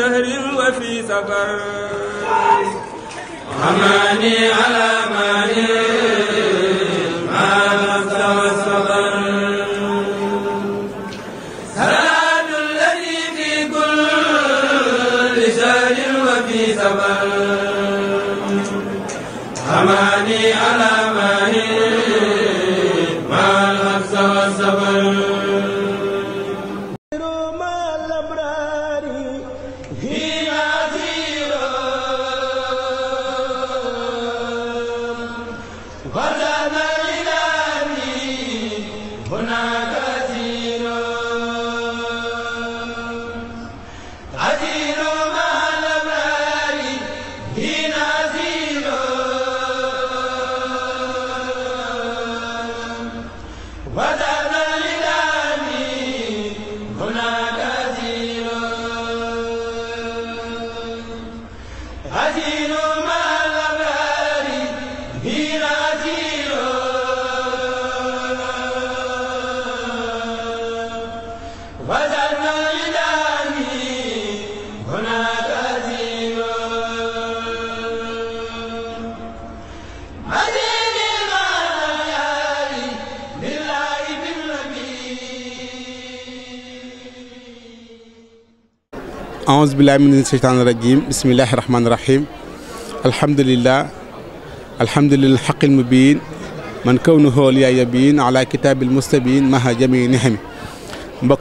شهر وفي سفر أماني على ماني aouzu billahi min seytaani rajim bismillahi rahmaani rahim alhamdulilah alhamdulilah xaqil mubiin man kaw nu xool yaay yabiin mustabiin maha jami nihami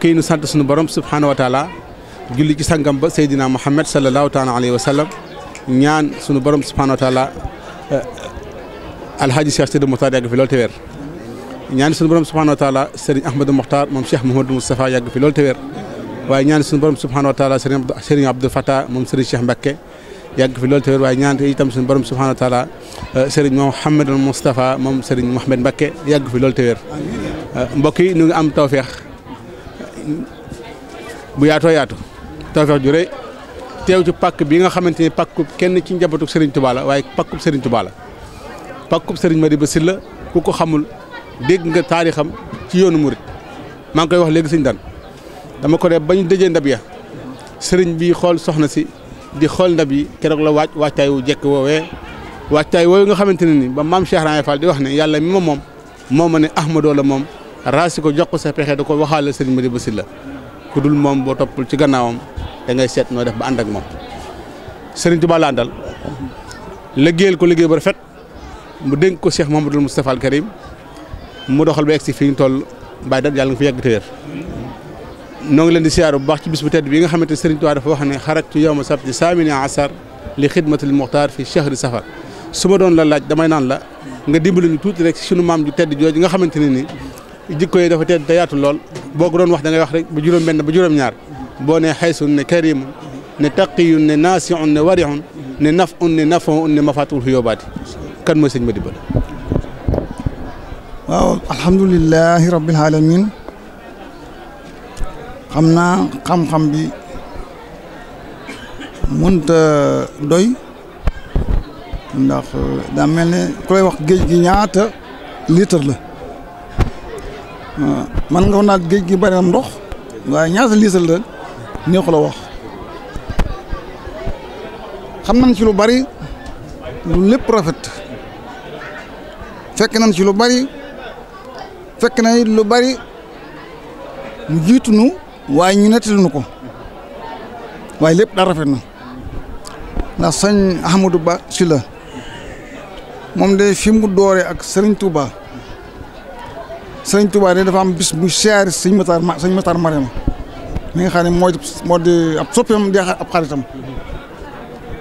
yi nu sant suñu borom subhaanahu wa taala julli ci sangam ba Seydina Muhammad sallallahu taala alayhi wa ñaan sunu borom subhaanahu wa taala eh, alhaaji Cheikh Sidi Mokhtar yàgg fi fi loolu te waaye ñaan suñu borom subhanahu wa taala sëriñ sëriñ Abdou Fata moom sëriñ Cheikh Mbacke yàgg fi loolu tamit waaye ñaan itam suñu borom subhanahu wa taala euh, sëriñ Mouhamadou Moustapha moom sëriñ Mouhamed Mbacke yàgg fi loolu tamit euh, mbokk yi ñu ngi am tawféex bu yaatoo yaatu tawféex ju rëy teew ci pàkk bi nga xamante ni pàkku kenn ci njabootu sëriñ Touba waaye pàkkub sëriñ Touba la pàkkub sëriñ Madiba Sylla ku ko xamul dégg nga taarixam ci yoonu mu maa ngi koy wax léegi sëñ dan dama ko def bañ dëjee ndab ya sëriñ bi xool soxna si di xool ndab yi keroog la waaj waajtaay wu jekk woowee waajtaay woowu nga xamante ne ni ba maam Cheikh Rahane di wax ne yàlla mi ma moom moo ma ne Ahmadoo la moom raasi ko jox ko sa pexe da ko waxaale sëriñ Madi la ku dul moom boo toppul ci gannaawam da ngay seet noo def ba ànd ak moom sëriñ Tuubaa la àndal ko liggéey ba rafet mu dénk ko Cheikh Mouhamadoul Moustapha al Karim mu doxal ba si fi ñu toll mbay dat yàlla nga fi noo leen di siyaar bu baax ci bis bu tedd bi nga xamante ne dafa wax ne xarajtu yawma sabti saamini asar li xidmatil muxtaar fi chahri safar su ma doon la damay naan la nga dimbali ñu tuuti rek sunu maam ju tedd jooju nga xamante ne ni jikko yi dafa tedd te yaatu lool boo ko doon wax da ngay wax rek bu juróom-benn ba juróom-ñaar boo ne xaysun ne karimun ne taqiyun ne naasiun ne warixun ne nafun ne nafoon ne mafatul fu yóbbaati kan mooy sëñ ma dimbal waaw alhamdulilahi rabbil alamin xam naa xam-xam bi mënta doy ndax daa mel ne ku wax géej gi ñaata litre la ah, man nga wax naa géej gi bari am ndox waaye ñaata litre la neexu la wax xam nañ ci lu bari lu lépp rafet fekk nañ ci lu bari fekk na it lu bari mu jiitu nu waaye ñu nettali ko waaye lépp daal rafet na ndax sëñ Ahmadou Ba Sylla moom de fi mu dooree ak Serigne Touba Serigne Touba de dafa mu bis bu siyaare sëñ Matar ma sëñ Matar Marema mi nga xam ne mooy moo di ab soppeem di ab xaritam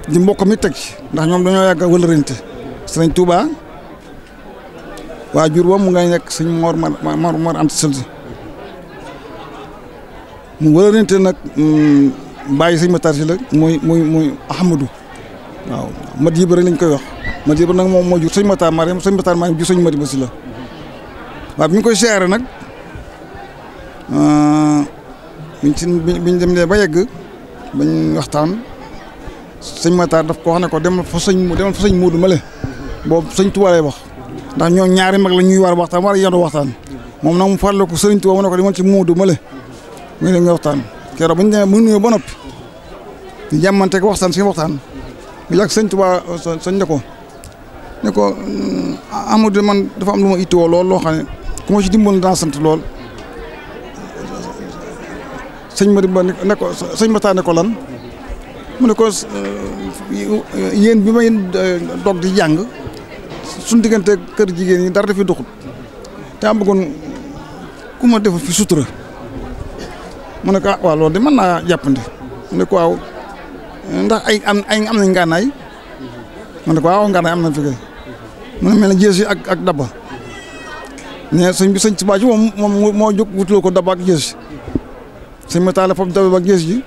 di mbokk mi teg ndax ñoom dañoo yàgg a wëlërante Serigne Touba waajur ba mu ngay nekk sëñ Mor Mor Mor Anta Sëlsi mu wërante nag mm, bàyyi sëñ Matar si la mooy mooy mooy Ahmadou waaw mat yëpp rek lañ koy wax mat yëpp nag moom moo jur sëñ Matar Mariam sëñ Matar Mariam jur sëñ Madiba si la waaw bi ñu koy seere nag ah, biñ si biñ dem ne ba yegg bañ waxtaan sëñ Matar daf ko wax ne ko demal fa sëñ demal fa sëñ Modou Male boobu sëñ Touba lay wax ndax ñoo ñaari mag la ñuy war waxtaan war a yendu waxtaan moom nag mu farle ko sëriñ Touba mu ne ko demal ci Modou Male muy leen nga waxtaan keroog bañ demee mu nuyoo ba noppi di si waxtaan suñu waxtaan mu yàgg sëñ Tuubaa sëñ ne ko ne mm, ko Amadou man dafa am lu ma ittiwoo lool loo xam ne ku ma ci dimbal daa sant lool sëñ ma ba ne ko sëñ Mata ne ko lan mu ne ko mm, yéen bi may dog eh, di jàng sun diggante kër jigéen yi dara dafi doxut te am bëggoon ku fi sutura mu ne ko ah waaw loolu de mën naa jàppandi mu ne waaw ndax ay am ay am nañ ngànnaay mu ne ko ah, waaw ngànnaay am na fi kay mu ne mel ne jees yi ak ak dabba ne sëñ bi sëñ Tuubaa ci moom moom moo jóg wutuloo ko dabba ak jees yi sëñ bi taale foofu dabba ak jees ji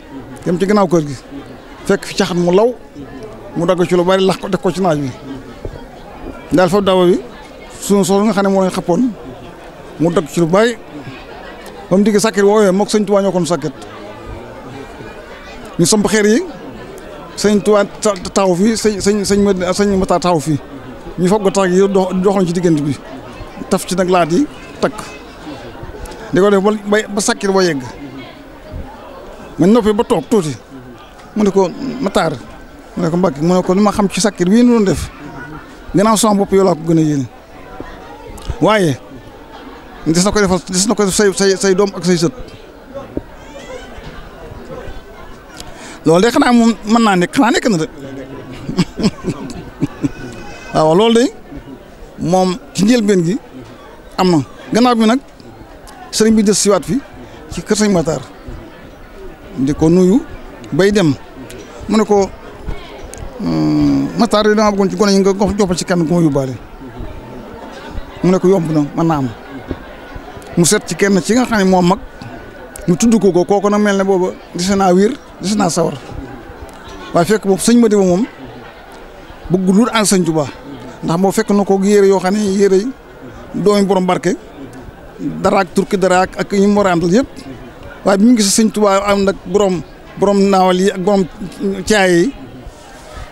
ci gannaaw kër gi fekk fi law mu dagg ci lu bari lax ko def ko ci naaj bi daal foofu dabba bi suñu soxla nga xam ne moo leen xappoon mu dagg ci lu bari ba mu digg sàkket woowee moog sëñ Tuubaa ñoo kon sàkket ñu samp xeer yi sëñ Tuubaa taxaw fii sëñ sëñ sëñ Mata taxaw fii ñu foog ko tax gi doxoon ci diggante bi taf ci nag laat yi takk di ko def ba sàkket ba yegg ma noppi ba toog tuuti mu ne ko Mataar mu ne ko Mbàkke mu ne ko li ma xam ci sakkiir bii ñu doon def gannaaw sama bopp yow laa ko gën a yéene waaye des na ko na ko def say say doom ak say sët loolu de xanaa moom mën naa nekk xanaa nekk na de waaw loolu de moom ci njëlbeen gi am na gannaaw bi nag sëriñ bi des siwaat fi ci kër sëñ Matar di ko nuyu bay dem mu ne ko hmm, Matar yi dama bëggoon ci gone yi nga jox ci kenn ku ma yóbbaale mu ne ko yomb na mën naa mu set ci kenn ci nga xam ne moo mag mu tudd ko ko kooku nag mel ne boobu dese naa wér dese naa sawar waaye fekk moom sëñ Madiba moom bëgg lu ànd sëñ Tuubaa ndax moo fekk na ko yére yoo xam ne yére yi doomi borom barke daraak turki daraak ak ñi mu war a àndal yëpp waaye bi mu gis sëñ Tuubaa ànd ak borom borom naawal yi ak borom caay yi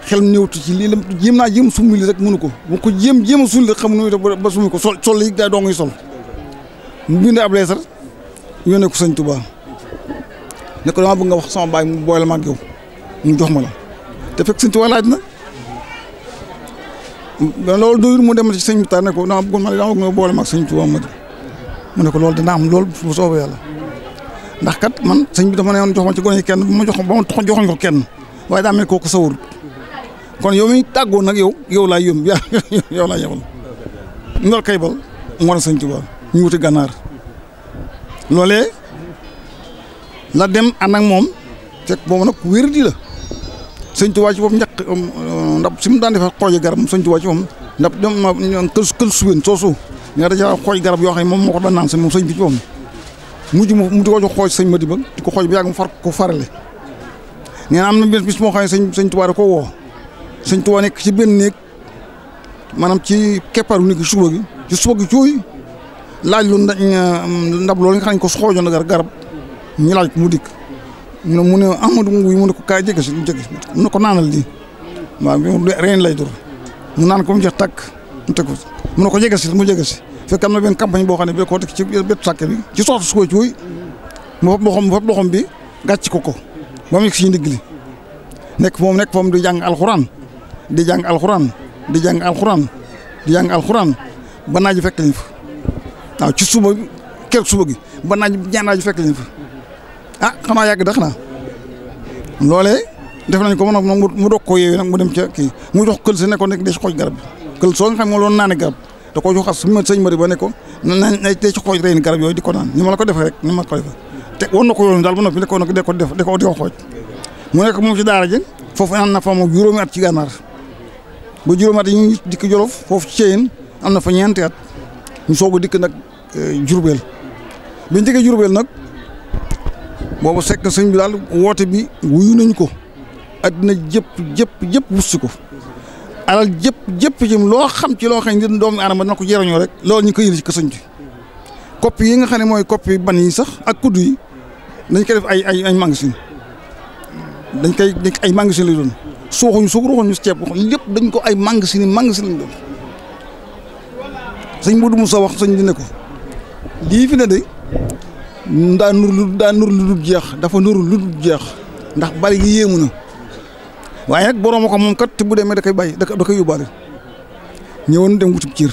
xel néewtu ci lii la jéem naa jéem summi li rek mënu ko bu ko jéem jéem sulli rek xam nu ba summi ko sol sol yi daa doo ngay sol mu bind ab leesar yónnee ko sëñ Touba ne dama bëgg nga wax sama baay mu boole ma ak yow mu jox ma la te fekk sëñ Touba laaj na loolu doyul mu dem ci sëñ Muxtaar ne ko dama bëggoon ma dama bëgg ak sëñ Touba ma mu ne ko loolu dinaa am loolu bu soobee yàlla ndax kat man sëñ bi dafa ne jox ma ci gone yi kenn bu jox ba ma joxoñ ko kenn waaye daa ko kooku sawul kon yow mi tàggoo nag yow yow laa yëm yow laa yebal loolu ka bal moo na ñu wuti gànnaar loolee la dem ànd ak moom fekk boobu nag wér di la sëñ Tuubaa ci boobu njaq um, uh, ndab si mu daan defar xooje garab sëñ Tuubaa ci moom ndab dem kël kël suwén soosu nga daja xooj garab yoo xam ne moom moo ko daan sëñ moom sëñ bi ci moom mujj mu mu di ko jox xooj sëñ Madiba di ko xooj bi yàgg mu far ko farale le na am na benn bis moo xam ne sëñ sëñ Tuubaa ko woo sëñ Tuubaa nekk ci benn néeg maanaam ci keppaaru néeg ci suba gi ci suba gi cooy laaj lu mm, ndab loolu nga xam ne ko soxoojoon na garab ñu laaj ko mu dikk ñu ne mu ne Nguy mu ne ko kaay jëkk si mu jëkk mu ne ko naanal lii waaw reen lay dur mu naan ko mu jeex tàkk mu teg ko ko jege si mu jege si fekk am na benn campagne boo xam ne bi koo teg ci bétu sàkke bi ci soxtu suko ci wuy mu fab loxom mu fab loxom bi gàcc ko ko ba mu yegg si ndigg li nekk moom nekk moom di jàng alxuraan di jàng alxuraan di jàng alxuraan di jàng alxuraan ba naaj fekk lañ fa waaw ci suba keroog suba gi ba naaj ñaan naaj fekk leen fi ah xanaa yàgg dax naa loolee def nañ ko ba nag mu doog koo yeewee nag mu dem ca kii mu jox kël si ne ko nekk dee si xooj garab kël soo nga xam moo loon naane garab da koo jox as ma sëñ ko nañ dee ci xooj reen garab yooyu di ko naan ni ma ko defee rek ma la ko te ko yoon daal ba noppi ne ko nag de ko def de ko di ko xooj mu nekk moom ci daara jëng foofu naan na fa moom juróomi at ci gànnaar ba juróomi at yi ñu dikk Jolof foofu ci Ceyeen am na fa ñeenti at ñu soog dikk nag Eh, Jurbel bi njëkkee Jurbel nag boobu sekk sëñ bi daal woote bi wuyu nañ ko addina jëpp jëpp jëpp wussi ko alal jëpp jëpp jëm loo xam ci loo xam ne doom doomu aadama dina ko jëriñoo rek loolu ñu koy yële ci ko sëñ bi kopp yi nga xam ne mooy kopp yi yi sax ak kudd yi dañ koy def ay ay ay magasin dañ koy ay magasin lay doon suuxuñu suuf ruuxuñu lépp dañ ko ay magasin yi magasin lañ doon sëñ Modou Moussa wax sëñ bi ne ko lii fi ne de daa nur lu daa nur jeex dafa nur lu jeex ndax bari gi yéemu na waaye nag borom ko moom kat bu demee da koy bàyyi da koy yóbbaale ñëwoon dem wutub ciir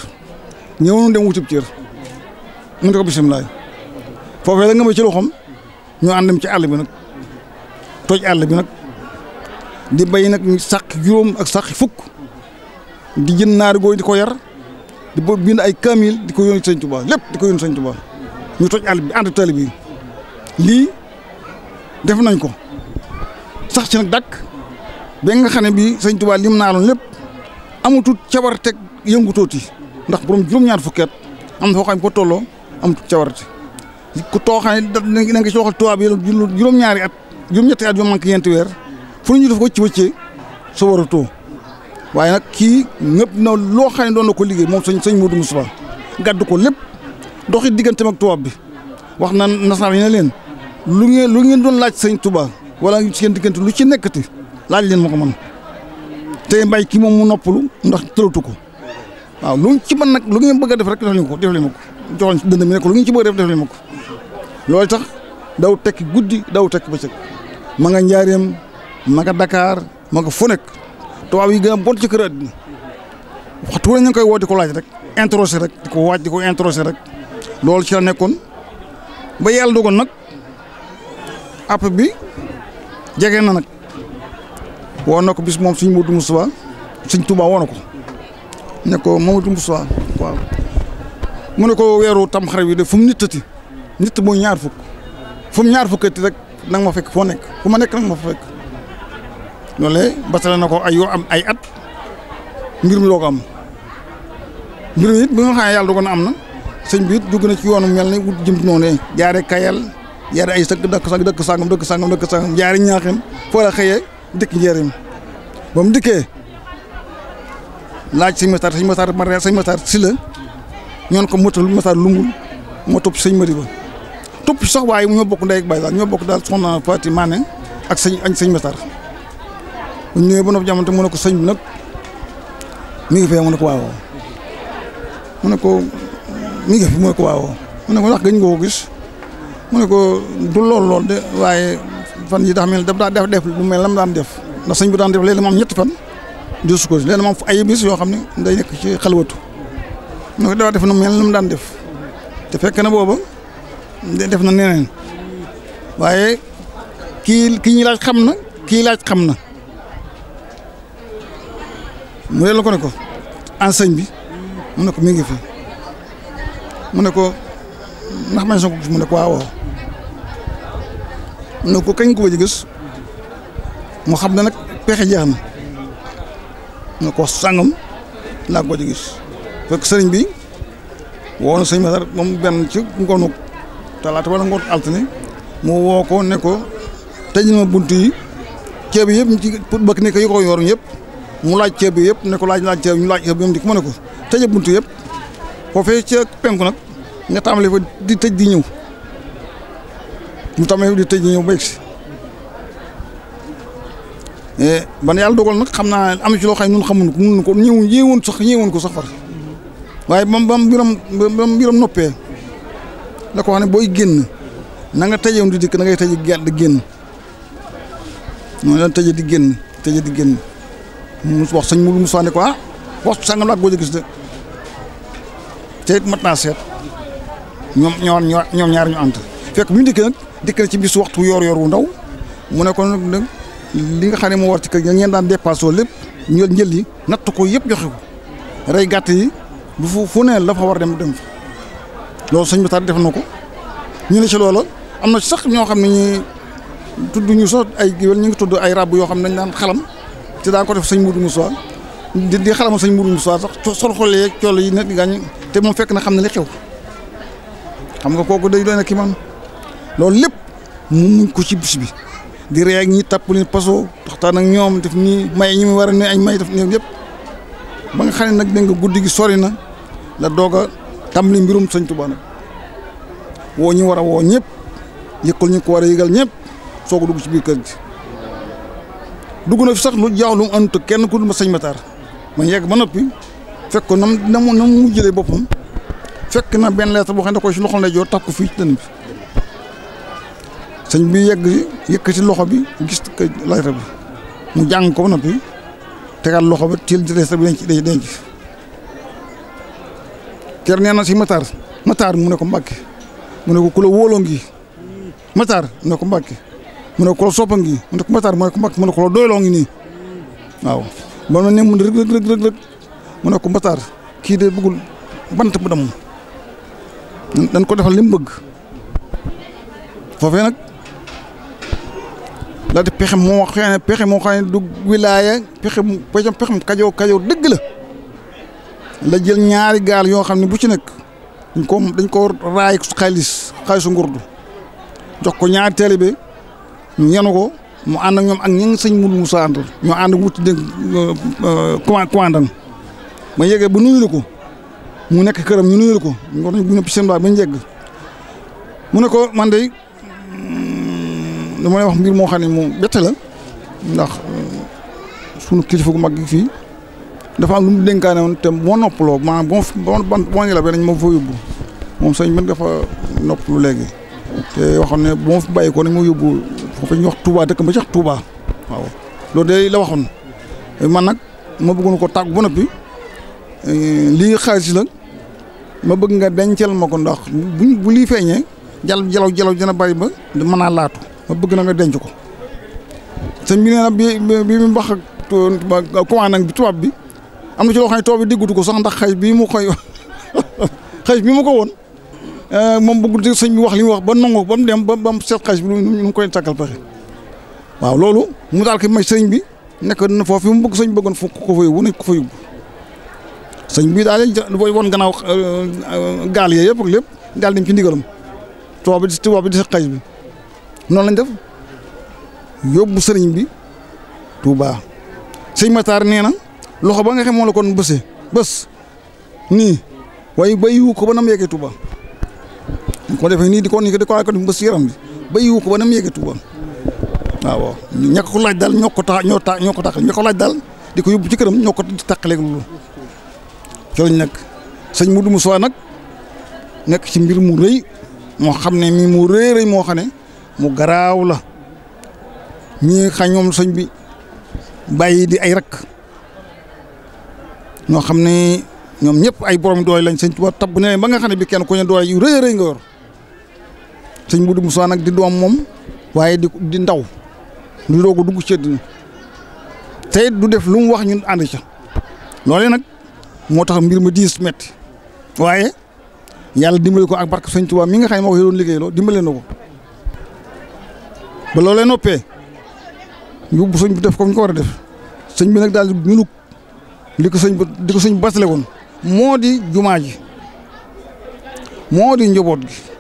ñëwoon dem wutub ciir mu ne ko bisimilah foofee la nga ma ci loxoom ñu àndam ci àll bi nag toj àll bi nag di bay nag sàq juróom ak sàq fukk di jën naari gooy di ko yar. di bind ay kaamil di ko yónni sëñ Tuubaa lépp di ko yónni sëñ Tuubaa ñu toj àll bi ànd tali bi lii def nañ ko sax ci nag dakk ba nga xam ne bii sëñ Tuubaa lim naaloon lépp amatul cawarteg yëngutooti ndax borom juróom-ñaar fukki at am na foo xam ko tolloo amatul cawarte ku too xam ne da na nga ci waxal tubaab yi juróom-ñaari at juróom-ñetti at yu manqué ñeenti weer fu ñu def ko ci wëccee sa war a too waaye nag kii ñëpp na loo xam doon na ko liggéey moom sëñ sëñ Modou Moustapha gàddu ko lépp doxi digganteem ak tubaab bi wax na nasaraan yi ne leen lu ngeen lu ngeen doon laaj sëñ Touba wala seen diggante lu ci nekkati laaj leen ma ko man te mbay kii moom mu noppalu ndax tëratu ko waaw lu ci mën nag lu ngeen bëgg a def rek def leen ko def leen ko joxoon dënd mi ne lu ngeen ci bëgg a def def leen ma ko loolu tax daw tekki guddi daw tekki ba ma nga Njaareem ma nga Dakar ma fu nekk te tubaab yi gën a bon ci kër àddina waxtu wala ñu ngi koy woo di ko laaj rek introsé rek di ko waaj di ko introsé rek loolu ci la nekkoon ba yàlla dogal nag app bi jege na nag woo na ko bis moom suñ Modou dumb suñ Touba woo na ko ne ko Mamadou Moustapha waaw ne ko weeru tam xarit bi de fu mu nittati nitt mooy ñaar fukk fu mu ñaar fukkati rek nag ma fekk foo nekk fu ma nekk nag ma fa fekk loolee basale na ko ay yoo am ay at mbir mi doo ko am mbir mi it bi nga xam ne yàlla dogal na am na sëñ bi it jóg na ci yoonu mel ne wut jëm noonu jaare kayal jaare ay sëkk dëkk sang dëkk sangam dëkk sangam dëkk sangam jaare ñaaxem foo la xëyee dëkk njëriñ ba mu dikkee laaj sëñ Matar sëñ Matar ma sëñ Matar si la ñoon ko motal sëñ Mari ba topp sax waaye ñoo bokk ndey ak baay ñoo bokk daal soxna Faati Maane ak sëñ añ sëñ Matar bu ñëwee ba noppi jamono mu ne ko sëñ bi nag mi mu ne ko waawoo mu ne ko mi ngi ko waawoo mu ne ko ndax gëñ nga ko gis mu ne ko du lool lool de waaye fan yi daa mel daf daa def def lu mel lam daan def ndax sëñ bi daan def léegi moom am ñetti fan di sukkoos léegi mu am ay bis yoo xam ne day nekk ci xalwatu mu ne ko daa def nu mel lu mu daan def te fekk na booba def na neneen waaye kii kii ñi laaj xam na kii laaj xam na mu yàlla ko ne ko enseigne bi mu ne ko mi ngi fi mu ne ko ndax man sa ko gis mu ne ko mu ne ko kañ ko bëgg gis mu xam ne nag pexe jeex na mu ne ko sàngam laa ko bëgg a gis fekk sëriñ bi woo na sëñ ma Masar moom benn ci ngoonu talaata wala ngoon altine mu woo ko ne ko tëj na ma bunt yi ceeb yëpp ñu ci bëgg ne ko yi ko yor yëpp. mu laaj ceeb bi yëpp ne ko laaj laaj ceeb ñu laaj ceeb bi moom di ko mën a ko tëjee buntu yëpp foofee ca penku nag nga tàmbali fa di tëj di ñëw mu di tëj ñëw ba yegg si eh, ban yàlla dogal nag xam naa am ci loo xam ne ñun ko mënuñu ko ñëw ñëwoon sax ñëwoon ko sax far waaye ba mu biram ba mu noppee da ko wax ne booy génn na nga tëjee di dikk na ngay tëjee gerte génn noonu la tëjee di génn tëjee di génn. mu wax sëñ Mourou Moussa ne ko ah wax sangam laa gëj a gis de te it mat naa seet ñoom ñoo ñoom ñaar ñu ànd fekk bu ñu dikkee dikk na ci bis waxtu yoor yor wu ndaw mu ne ko nag li nga xam ne moo war ci kër ngeen daan dépassé lépp ñël njël yi natt ko yëpp joxe ko rey gàtt yi bu fu fu ne la fa war dem dem fa loolu sëñ bi taat def na ko ñu ne ci loola am na sax ñoo xam ne ñi tudd ñu sax ay géwél ñu ngi tudd ay ràbb yoo xam ne dañ daan xalam. te daan ko def sëñ Mourou Moussa di di xalaat moom sëñ Mourou Moussa sax sol xol yeeg coono yi nit gaañ te moom fekk na xam ne li xew xam nga kooku day doon ak ki man loolu lépp mu muñ ko ci bis bi di ree ak ñi tàpp leen paso waxtaan ak ñoom def nii may ñi mu war a ne ay may def ñoom yëpp ba nga xam ne nag dégg nga guddi gi sori na la doog a tàmbali mbirum sëñ Tuubaa nag woo ñu war a woo ñëpp yëkkal ñu ko war a yégal ñëpp soog a dugg ci biir kër gi. dugg na fi sax lu jaaw lu mu anut kenn ku dul ma sëñ Matar ma ba noppi fekk na mu na mu na jëlee boppam fekk na benn lettre boo xam ne ko si loxo lay joor taf fii ci dënn bi sëñ bi yegg yëkkati loxo bi gis lettre mu jàng ko ba noppi tegaat loxo ba tiil lettre bi denc denc ker nee na si Matar Matar mu ne ko Mbàkke mu ne ko ku la wóoloo ngi Matar mu ne ko Mbàkke mu ne ko soppa ngi mu ne ko mataar mu ne ko mag mu ne ko doyloo ngi nii waaw ba mu ne mu ne rëg rëg rëg rëg mu ne ko mataar kii de bëggul bant bu dem dañ ko defal li mu bëgg foofee nag la di pexe moo wax ne pexe moo xam ne du wilaaya pexe mu pexe mu kajoo kajoo dëgg la la jël ñaari gaal yoo xam ne bu ci nekk dañ ko dañ ko raay xaalis xaalisu ngurdu jox ko ñaari taalibe ñu yenu ko mu ànd ak ñoom ak ñi sëñ Mourou Moussa àndal ñu ànd wuti dégg commande euh, euh, commandant ma yeggee ba nuyu ko mu nekk këram ñu nuyu ko ñu war nañu ñëpp seen baax ba ñu yegg ko man de mm, dama lay wax mbir moo xam ne mu bett la ndax euh, sunu kilifa mag gi fii dafa am lu mu dénkaane woon te moo noppaloo maanaam boo boo boo ñu la ba dañ ma fa yóbbu moom sëñ bi dafa noppalu léegi te waxoon ne boo fi bàyyi ko dañ ma yóbbu. foofu ñu wax Touba dëkk ba sax Touba waaw loolu day la waxoon man nag ma bëggoon ko tàggu ba noppi eh, lii xaalis la ma bëgg nga dencal ma ko ndax buñ bu lii feeñee jal jalaw jalaw dina bari ba mën naa laatu ma bëgg na nga denc ko sëñ bi nee na bi mu wax ak commande tubaab bi am na ci bi diggutu ko sax ndax xëy bii mu koy xëy bi mu ko woon. Euh, moom bëggul sëñ bi wax li wax ba nangu ba mu dem ba ba mu seet xaalis bi nu mu koy tàggal pexe waaw loolu mu daal ko may sëñ bi nekk na foofu mu bëgg sëñ bëggoon fu ko fa yóbbu ko fa sëñ bi daal di woon gannaaw euh, euh, gaal yee yëpp ak lépp daal dem bi di bi di seet xaalis bi noonu lañ def yóbbu sëriñ bi Touba sëñ Matar nee na loxo ba nga xam moo la kon bësee bës nii waaye bayu ko ba nam yeggee Touba ñu defee nii di ko ni ko di ko ko ba si yaram bi ba yiwu ko ba na mu yëgatu woon waaw ñàkk ko laaj daal ñoo ko tax ñoo ñoo ko tax ñoo ko laaj daal di ko yóbbu ci këram ñoo ko tàqaleeg loolu cooñ nag sëñ Moudou Moussa nag nekk ci mbir mu rëy moo xam ne mi mu rëy rëy moo xam ne mu garaaw la ñii xañ ñoom sëñ bi bàyyi di ay rakk ñoo xam ne ñoom ñépp ay borom doole lañ sëñ Tuubaa tabb ne ba nga xam ne bi kenn ku ne doole yu rëy rëy nga yor sëñ Modou Moussa nag di doom moom waaye di di ndaw di dugg ci àddina du def lu mu wax ñun ànd ca nag moo tax mbir ma diis metti waaye yàlla dimbali ko ak barke sëñ Tuubaa mi nga xam ne moo ko doon liggéey na ko ba loolee noppee yóbbu sëñ def ko ñu a def sëñ bi nag daal di li ko sëñ di basale woon moo di jumaa ji moo di njaboot gi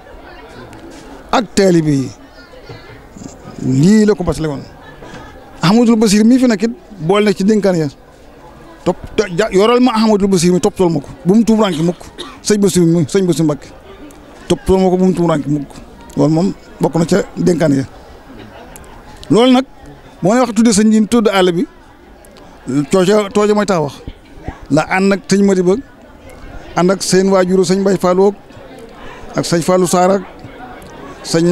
ak taalibe yi lii la ko basale woon Ahmadul Basir mii fi nekkit bool na ci dénkaan ya topp yoral ma Ahmadul Basir mi toppatoo ma ko bu mu tuum rànk mukk sëñ Basir mi sëñ Basir Mbàkke toppatoo ma ko bu mu tuum rànk mukk loolu moom bokk na ca dénkaan ya loolu nag moo ne wax tudde sañ bi tudd àll bi cooca cooca mooy tax wax la ànd ak sëñ Madi ba ànd ak seen waajuru sëñ Bay Fallou ak sëñ Fallou Saar sëñ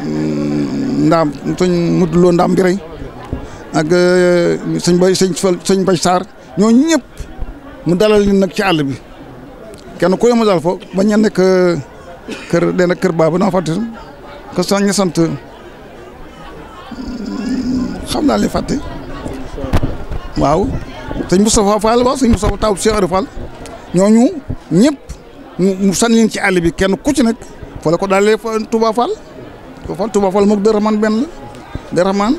mm, ndaam sëñ mudloo ndaam mbirey ak euh, sëñ bay sëñ fal sëñ bay saar ñoo ñëpp mu dalal leen nag ci àll bi kenn ku ne mu dal fo ba ñenn nekk kër den kër baaba naa fàtte ko sañ ñu sant mm, xam naa li fàtte waaw sëñ Moustapha Fall waaw sëñ Moustapha taw Cheikh Ibra ñooñu ñëpp mu san ci àll bi kenn ku ci nekk fa ko daal Touba Fall Touba Fall Touba Fall moog Dërëman benn la Dërëman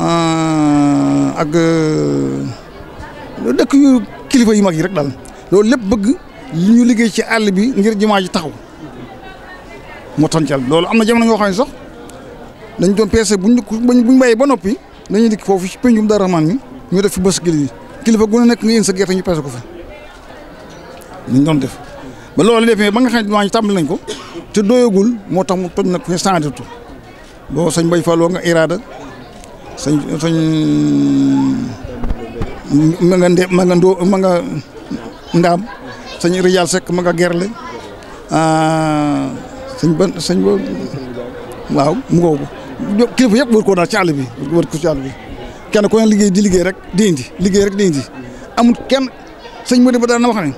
euh, ak euh, dëkk yu kilifa yu mag yi rek daal loolu lépp bëgg li ñu liggéey ci àll bi ngir jumaa ji taxaw moo tax loolu am na jamono yoo xam ne sax dañ doon peese buñ buñ bàyyi ba noppi dañuy dikk foofu ci peñum Dërëman mi ñu def fi bës gi kilifa gu ne nekk nga yéen sa gerte ñu peese ko fa ñu doon def ba loolu defee ba nga xam ne jumaa ji lañ ko. te doyagul moo tax mu toj nag fi sànnitu boo sëñ Bay Falloo nga iraada sëñ sëñ ma nga ndaam sëñ Rijaal Sekk ma nga gerle ah, sëñ ban sëñ waaw mu ngoogu kilifa yëpp war koo daal ci àll bi wër ko ci bi kenn ku ne liggéey di liggéey rek di indi liggéey rek di indi amul kenn sëñ Modou ba daan na wax ne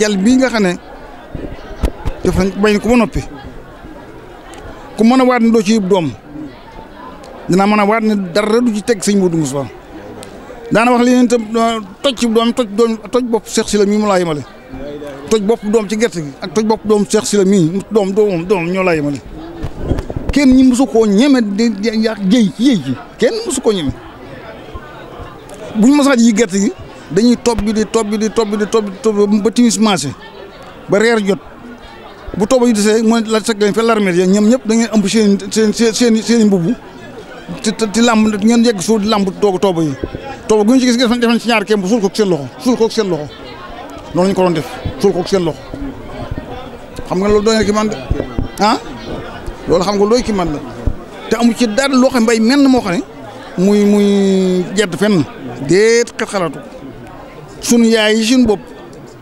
jal bii nga xam ne def ko ba noppi ku mën a waat ne doo ci yëb doom dinaa mën a waat ne dara du ci teg sëñ Modou Moustapha daana wax li leen tam euh, toj ci doom toj doom toj bopp Seex Sila mii mu laa yemale toj bopp doom ci gerte gi ak toj bopp doom Seex Sila mii doom doomam doomam ñoo laa yemale kenn ñi mosu koo ñeme di jëy yëy ji kenn mosu koo ñeme buñ mosaa ji gerte gi dañuy topp bi di topp bi di topp bi di topp ba timis marché ba reer jot bu tooba ñu desee mooy la seg leen fa larmeel ya ñoom ñëpp da ngeen ëmb seen seen seen seen seen i mbubb ci ci làmb ngeen yegg suuf di làmb doog tooba yi tooba gu ñu ci gis def nañ ci ñaar kéem bu suul koog seen loxo suul koog seen noonu lañ ko def suul koog seen loxo xam nga loolu doy ki man de ah loolu xam nga looy ki man la te amu ci dara loo xam mbay menn moo xam ne muy muy jedd fenn déet xet xalaatu sunu yaay yi suñu bopp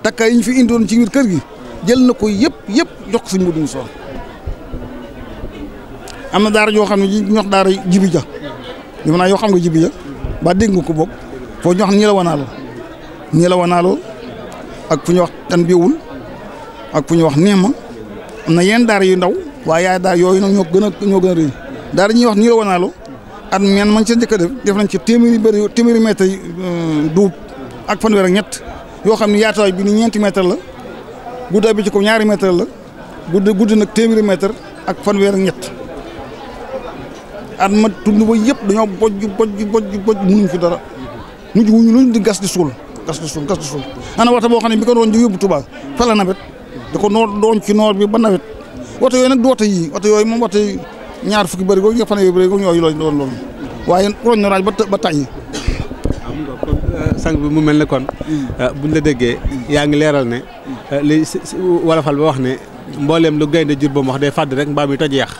takkaay yi ñu fi indoon ci kër gi jël na ko yëpp yëpp jox ko sëñ Modou am na daara yoo xam ne ñu wax daara jibi ja defe naa yoo xam nga jibi ja ba dégg nga ko boog foofu ñu wax nii la wanaaloo nii ak fu ñu wax tan biwul ak fu ñu wax neema am na yenn daara yu ndaw waaye yaay daara yooyu nag ñoo gën a ñoo gën ñuy wax nii la wanaaloo at men ca njëkk def def nañ ci téeméeri bëri téeméeri mètre euh, duub ak fanweer ak ñett yoo xam ne yaataay bi ni ñeenti mètre la guddaay bi ci ko ñaari mètre la gudd gudd nag téeméeri mètre ak weer ak ñett at ma tund ba yëpp dañoo bojj bojj bojj bojj munuñ fi dara mujj wuñu luñ di gas di suul gas di suul gas di suul ana waxta boo xam ne bi ko doon di yóbbu Touba nawet da ko noor doon ci noor bi ba nawet waxta yooyu nag du waxta yooyu moom ñaar fukki bëri googu fan yooyu bëri googu ñooyu loolu doon loolu waaye roñ na ba ba euh, sang bi mu mel ne kon hmm. euh, buñ la déggee yaa ngi leeral ne euh, li wolofal ba wax ne mbooleem lu gaynde jur ba mu wax day fàdd rek mbaam yi toj yax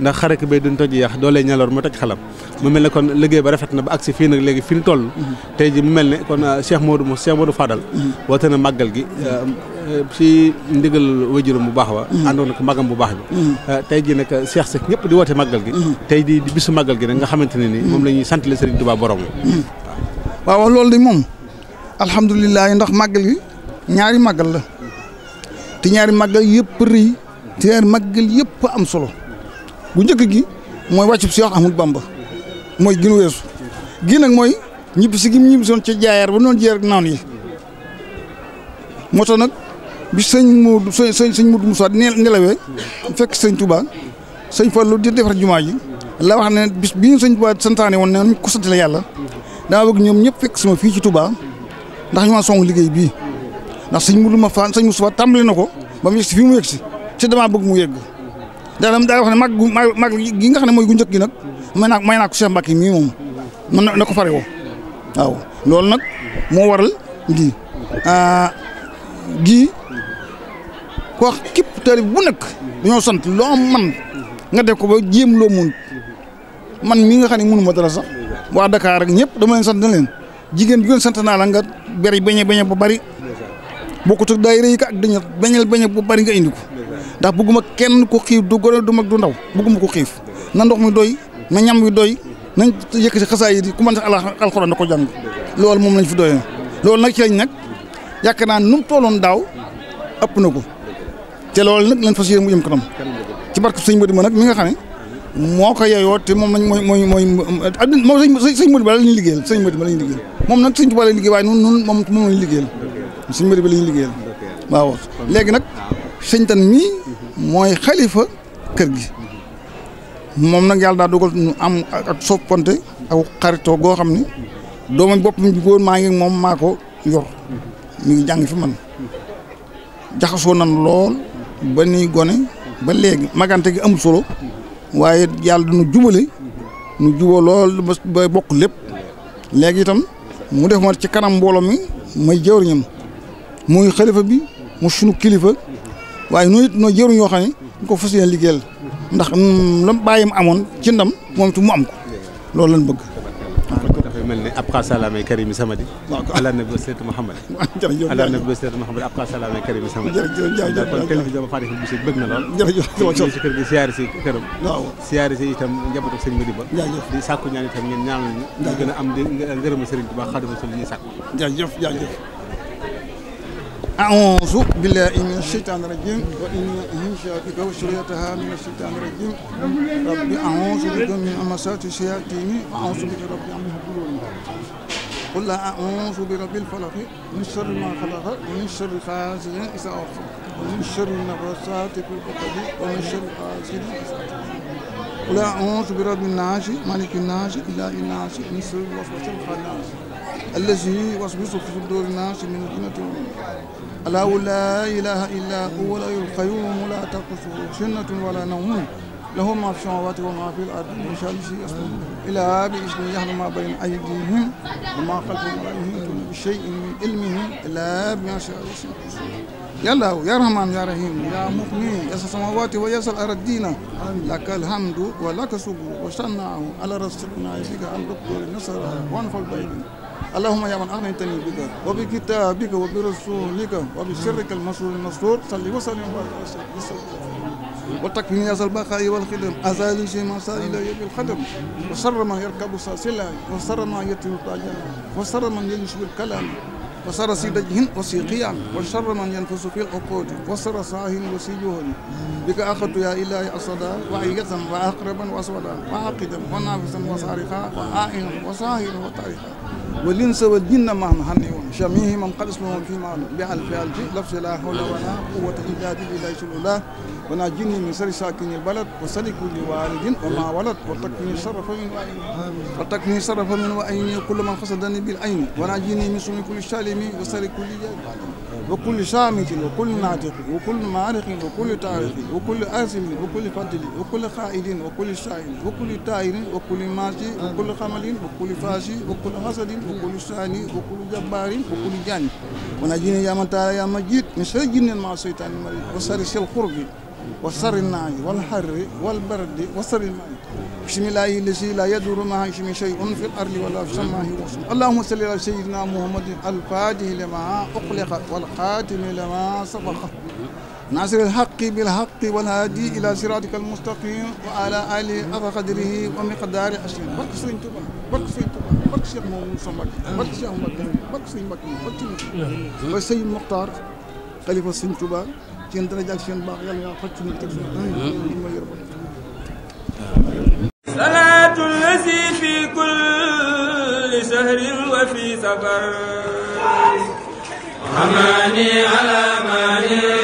ndax xarak bay duñ toj yax doolee ñaloor ma toj xalam mu mel ne kon liggéey ba rafet na ba agsi fii nag léegi fi ñu toll tey ji mu mel ne kon euh, Cheikh Modou mo Cheikh Modou Fadal woote na màggal gi euh, ci ndigal wajuram bu baax wa àndoon ak magam bu baax bi euh, tey ji nag Cheikh Seck ñëpp di woote màggal gi tey di bisu màggal gi nag nga xamante ne ni moom la ñuy sant la Serigne Touba borom waaw waaw loolu de moom ndax màggal gi ñaari màggal la te ñaari màggal yëpp rëy te ñaari màggal yëpp am solo bu njëkk gi mooy wàcc si wax amul bamba mooy gën weesu gi nag mooy ñibbi gi mu ñibbi soon ca jaayaar ba noonu jeer naan yi moo tax nag bi sëñ Modou sëñ sëñ Modou Moussa di nelawee fekk sëñ Touba sëñ Fallou di defar jumaa ji la wax ne bis bi ñu sëñ Touba santaane woon ne ko la yàlla dama bëgg ñoom ñëpp fekk sama fii ci Touba ndax ñu ma song liggéey bii ndax sëñ Mudu ma faan sëñ Mustafa na ko ba mu yegsi fii mu yegsi ci damaa bëgg mu yegg daa dam daa wax ne mag gu mag gi nga xam ne mooy gu njëkk gi nag may naa may naa ko Cheikh Mbacke mii moom ko fare woo nag moo waral lii ah, gii ko wax képp bu nekk dañoo sant loo man nga def ko ba jéem loo mun man mii nga xam ne mënu ma dara sax waa Dakar ak ñëpp dama leen sant na leen jigéen bi ngeen sant naa la nga beri bañ a bañ a ba bari bokkut ak daayira yi ka ak dañu bañal bañal bu bari nga indi ko ndax bëgguma kenn ku xiif du gone du mag du ndaw bëgguma ko xiif na ndox mi doy na ñam wi doy nañ yëkkati xasaay yi ku mën sax alxuraan da ko jàng loolu moom lañ fi doyee loolu nag ci nag yaakaar naa nu mu tolloon daaw ëpp na ko te loolu nag lañ fas yéene jëm kanam ci barke sëñ Modou ma nag mi nga xam ne moo ko yeyoo te moom lañ mooy mooy mooy adduna moom sëñ Modou ba la liggéeyal sëñ Modou ba la liggéeyal moom nag sëñ Tuubaa la liggéeyal suñ mbëri bi lañuy ñuy liggéeyal waaw léegi nag sëñ mi mooy xalifa kër gi moom nag yàlla daa dogal ñu am ak soppante ak xaritoo goo xam ni doomam boppam bi góor maa ngi moom maa ko yor mi ngi jàng fi man jaxasoo nan lool ba ni gone ba léegi magante gi amul solo waaye yàlla dañu jubale nu juboo lool ba bokk lépp léegi itam mu def ma ci kanam mbooloo mi may jëwriñam mooy xalifa bi mu sunu kilifa waaye nooy noo jëru ñoo xam ne ñu ko fas yéene liggéeyal ndax lam bàyyam amoon ci ndam moom tu mu am ko loolu lañ bëgg. dafay mel ne abqa salaamay karimi samadi ala nabi wa salatu muhammad ala nabi wa salatu muhammad abqa salaamay karimi samadi jërëjëf kon kilifa jaba faati bu bëgg na lool jërëjëf si kër gi siyaare si këram waaw siyaare si itam njabootu sëñ Madiba di sàkku ñaan itam ngeen ñaanal ñu gën a am di ngërëma sëriñ Tuubaa Xaadimu Rasuul li ñuy sàkku jërëjëf jërëjëf أعوذ بالله من الشيطان الرجيم وإن أنشأ بك وشريتها من الشيطان الرجيم رب أعوذ بك من أمسات الشياطين وأعوذ بك رب أن يحضرون قل لا أعوذ برب الفلق من شر ما خلق ومن شر غاسق إذا وقب ومن شر النفاثات في العقد ومن شر حاسد قل أعوذ برب الناس مالك الناس إله الناس من شر الوسواس الخناس الذي يوسوس في صدور الناس من الجنة والنار allahu laa ilaaha illaa huwa al-hayyul qayyuum laa taxuzuhu sinatun wa laa nawm lahu maa fi samaawaati wa maa fil ardi min sha'nihi yas'alun illaa bi-iznihi ya'lamu maa bayna aydiihim wa maa khalfahum wa laa yuhiituuna bi shay'in min ilmihi illaa bimaa shaa'a wa sa'ahu yàllaahu yaa rahmaan yaa rahiim yaa mughni yaa samaawaati wa yaa al-ardiina lakal hamdu wa laka subbu wa sanaahu ala rasuulinaa bika al-doktor nasara wa anfal baydina اللهم يا من أغنيتني بك وبكتابك وبرسولك وبشرك المسرور المستور صلي وسلم وبارك وسلم وتكفيني أزل البقاء والخدم أزالي شيء ما سار إلى يوم القدم وسر من يركب ساسلا وسر ما يتم تاجا وسر من يجلس بالكلام وسر سيدجهن وسيقيا وشر من ينفس في العقود وسر ساهن وسيجهن بك أخذت يا إلهي أصدا وعية وأقربا وأسودا وعاقدا ونافسا وصارخا وآئنا وساهرا وطارخا والإنس والجن معهم حنيهم شميهم قد اسمهم فيما بحل في الجي لفظ لا حول ولا قوة إلا بالله الأولى ونجني من شر ساكن البلد وسلك لوالد وما ولد وتكني شرف من وعيني وتكني شرف من وعيني كل من قصدني بالعين ونجني من سوء كل شالم وسلك كل جاهل وكل شامت وكل ناطق وكل معرق وكل تارق وكل آسم وكل فضل وكل قائد وكل شاعر وكل طائر وكل ماشي وكل خمل وكل فاشي وكل حسد وكل شاني وكل جبار وكل جاني ونجيني يا من تعالى يا مجيد من شر الجن مع الشيطان المريض وشر القرب وشر النعي والحر والبرد وشر الماء bismillahi lazi la yaduru maa ismi shay'un fi l ardi wala fi samaa'i wasm allahuma salli ala sayyidina muhammadin alfaatihi lima uqliqa walxaatimi lima sabaqa naasiri lxaqi bilxaqi walhaadi ila siratika almustaqim wa ala alihi aqa qadrihi wa miqdaari asin barke Sëriñ Tuuba barke Sëriñ Tuuba barke Cheikh Mamadou Sa Mbacké barke Cheikh Mbacké barke Sëriñ Mbacké barke Sëriñ ba Sëriñ Muxtaar xalifa Sëriñ Tuuba seen daraja ak seen baax yàlla yaa xaj suñu teg suñu ma yërba شهر وفي سفر أماني على ماني